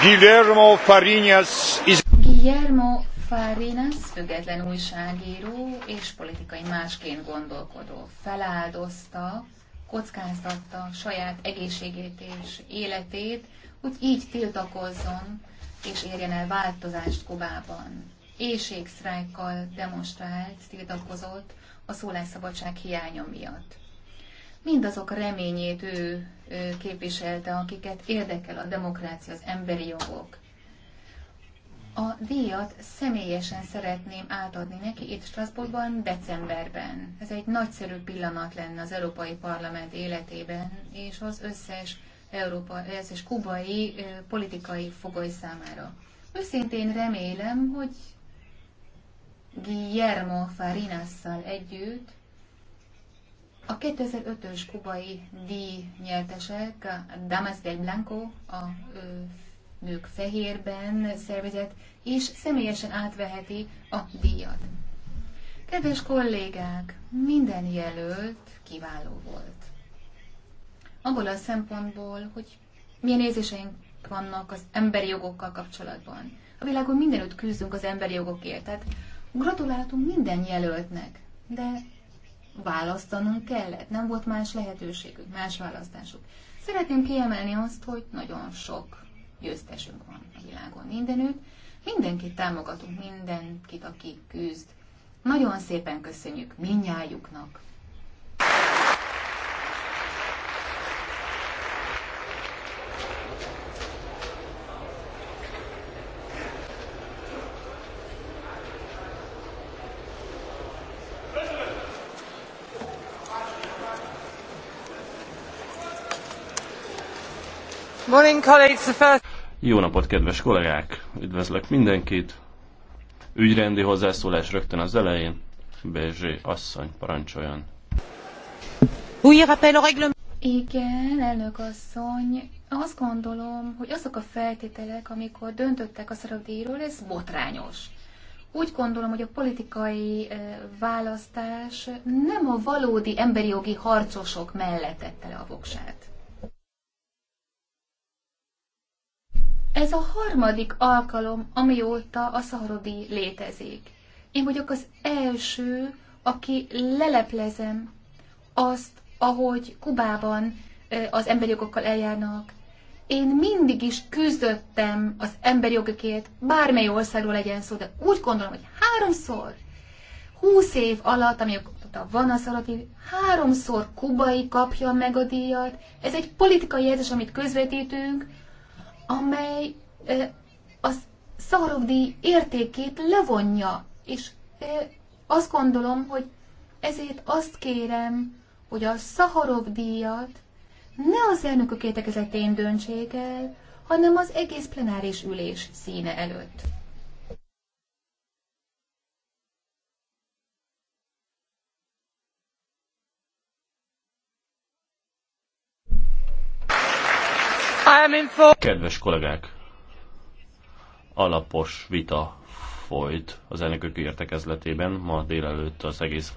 Guillermo Farinas is... Guillermo Farinas független újságíró és politikai másként gondolkodó feláldozta, kockáztatta saját egészségét és életét, hogy így tiltakozzon és érjen el változást Kubában. Éjségsztrájkkal demonstrált, tiltakozott a szólásszabadság hiánya miatt mindazok reményét ő képviselte, akiket érdekel a demokrácia, az emberi jogok. A díjat személyesen szeretném átadni neki itt Strasbourgban decemberben. Ez egy nagyszerű pillanat lenne az Európai Parlament életében, és az összes, Európa, összes kubai politikai fogoly számára. Őszintén remélem, hogy Guillermo Farinasszal együtt a 2005-ös kubai díj nyertesek, Damas del Blanco, a ö, nők fehérben szervezet, és személyesen átveheti a díjat. Kedves kollégák, minden jelölt kiváló volt. Abból a szempontból, hogy milyen érzéseink vannak az emberi jogokkal kapcsolatban. A világon mindenütt küzdünk az emberi jogokért, tehát gratulálhatunk minden jelöltnek, de választanunk kellett, nem volt más lehetőségük, más választásuk. Szeretném kiemelni azt, hogy nagyon sok győztesünk van a világon mindenütt, mindenkit támogatunk, mindenkit, aki küzd. Nagyon szépen köszönjük minnyájuknak Morning, colleagues, the first... Jó napot, kedves kollégák! Üdvözlök mindenkit! Ügyrendi hozzászólás rögtön az elején. Bézsé asszony, parancsoljon! Oui, rappel au règlement. Igen, elnök asszony, azt gondolom, hogy azok a feltételek, amikor döntöttek a szarabdíjról, ez botrányos. Úgy gondolom, hogy a politikai eh, választás nem a valódi emberi jogi harcosok mellett tette le a voksát. Ez a harmadik alkalom, amióta a szaharodi létezik. Én vagyok az első, aki leleplezem azt, ahogy Kubában az emberi jogokkal eljárnak. Én mindig is küzdöttem az emberi jogokért, bármely országról legyen szó, de úgy gondolom, hogy háromszor, húsz év alatt, amikor van a szalapi, háromszor kubai kapja meg a díjat. Ez egy politikai jelzés, amit közvetítünk, amely a szaharov értékét levonja, és azt gondolom, hogy ezért azt kérem, hogy a Szaharov-díjat ne az elnökök értekezetén döntsék el, hanem az egész plenáris ülés színe előtt. Kedves kollégák, alapos vita folyt az elnökök értekezletében ma délelőtt az egész